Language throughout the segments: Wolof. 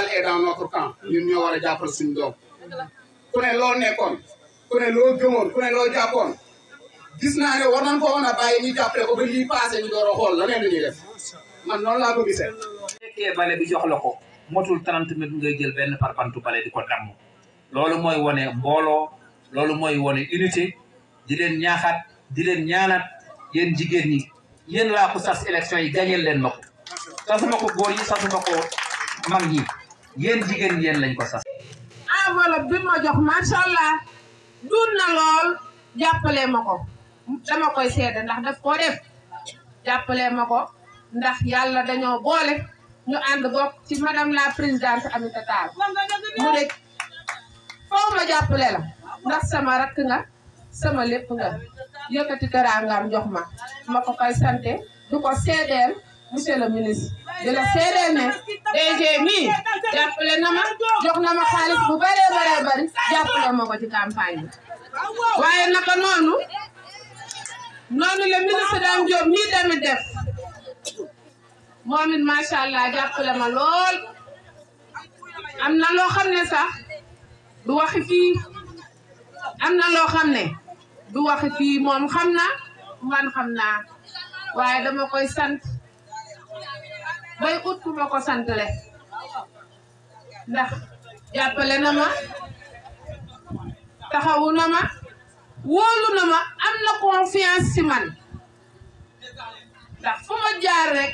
balle est dans notre camp ñoo war a jàppal suñu doom ku ne loo nekkoon ku ne loo gëmoon ku ne loo jàppoon gis naa ne war nañ ko woon a bàyyi ñu jàppale ko ba lii passé ñu door a xool la neen ñuy def man noonu laa ko gisee. bale bi jox la ko motul 30 mètres ngay jël benn parpantu bale di ko damm loolu mooy wone mbooloo loolu mooy wone unité di leen ñaaxaat di leen ñaanaat yéen jigéen ñi yéen laa ko sas élection yi gañeel leen ma ko sasuma góor yi sasuma ko mag ñi yéen jigéen yéen lañ ko sas enveloppe bi ma jox macha allah duun na lool jàpp jàppalee ma ko dama koy seede ndax def koo def lee ma ko ndax yàlla dañoo boole ñu ànd bokk ci madame la présidente Aminata Tall mu ne foofu ma jàppale la ndax sama rakk nga sama lépp nga yëkkati teraangaam jox ma ma ko koy sante du ko seedeel monsieur le ministre di la seedeel ne DG mii jàppale na ma jox na ma xaalis bu bëree bëree bëri jàppale ma ko ci campagne bi waaye naka noonu noonu le ministre Dame Diop mii tamit def moom it macha allah jàppale ma lool am na loo xam ne sax du waxi fii am na loo xam ne du waxi fii moom xam na man xam naa waaye dama koy sant bay ut ku ma ko santale ndax jàppale na ma taxawu na ma wóolu na ma am na confiance ci man ndax fu ma rek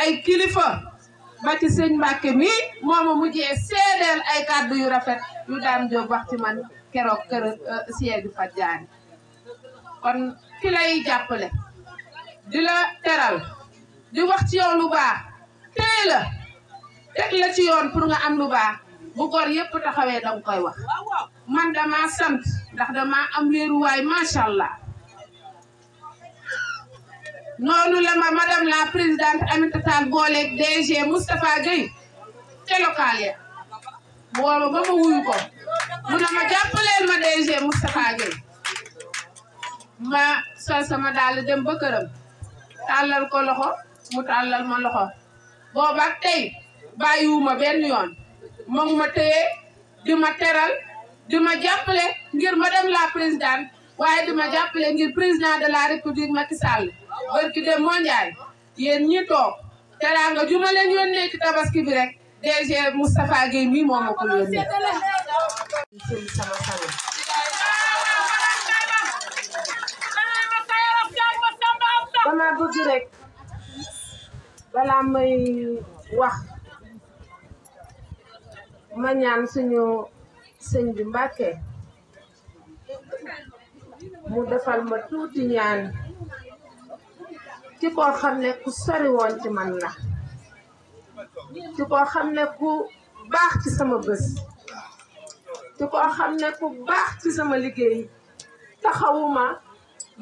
ay kilifa ba ci sëñ Mbàkke mi mooma mujjee seedeel ay kàddu yu rafet yu daan jóg wax ci man keroog kër euh, siège fa jaani kon ki lay jàppale di la teral di wax ci yow lu baax teg la ci yoon pour nga am lu baax bu yépp taxawee danga koy wax man dama sant ndax dama am wéeruwaay macha allah noonu la ma madame la présidente Aminata Tall booleeg DG Moustapha Gueye te local ya wooba ba wuyu ko mu ne ma jàppaleel ma DG Moustapha Gueye ma sol sama daal dem ba këram tàllal ko loxo mu tàllal ma loxo booba ak bàyyiwuma benn yoon moom ma téye di ma teral di ma jàppale ngir dem la président waaye di ma jàppale ngir président de la république Macky Sall barki dem moo Ndiaye yéen ñi toog teraanga ju ma leen yónnee tabaski bi rek DG Moustapha Guèye mii moo ma ko yónnee. sama may wax. ma ñaan suñu sëñ bi Mbàkke mu defal ma tuuti ñaan ci koo xam ne ku sori woon ci man la ci koo xam ne ku baax ci sama bés ci koo xam ne ku baax ci sama liggéey taxawuma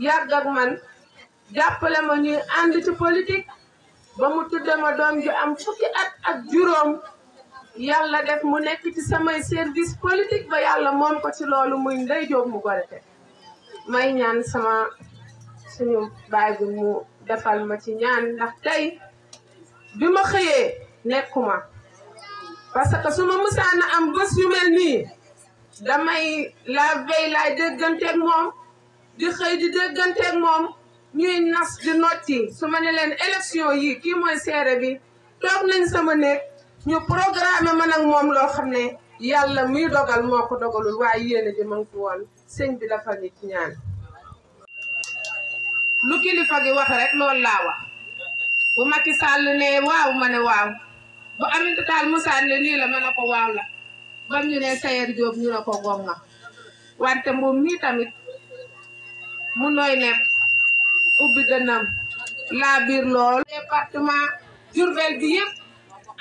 yàgg ak man jàppale ma ñuy ànd ci politik ba mu tudde ma doom ju am fukki at ak juróom yàlla def mu nekk ci samay service politique ba yàlla moom ko ci loolu muy Ndeye Diop mu Golete may ñaan sama suñu baay bi mu defal ma ci ñaan ndax tey bi ma xëyee nekkuma parce que su ma musaana am bés yu mel nii damay laa veille laay dégganteeg moom di xëy di dégganteeg moom ñuy nas di notti su ma ne leen élection yi kii mooy seere bi toog nañ sama néeg ñu programme man ak moom loo xam ne yàlla muy dogal moo ko dogalul waaye yéene ji ma ngi ko woon sëñ bi la fa ñaan lu kilifa gi wax rek loolu laa wax bu Macky Sall ne waaw ma ne waaw bu Aminata Tall Moussa ne nii la ma ne ko waaw la bam ñu ne Sayer Diop ñu ne ko gong wante moom mii tamit mu nooy nepp ubbi dënnam laa biir lool département Diourbel bi yëpp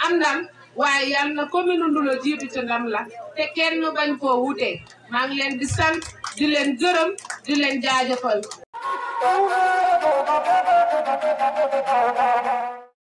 am ndam waaye yal na commune Ndoulo jiitu ci ndam la te kenn bañ koo wute maa leen di sant di leen gërëm di leen jaajëfal.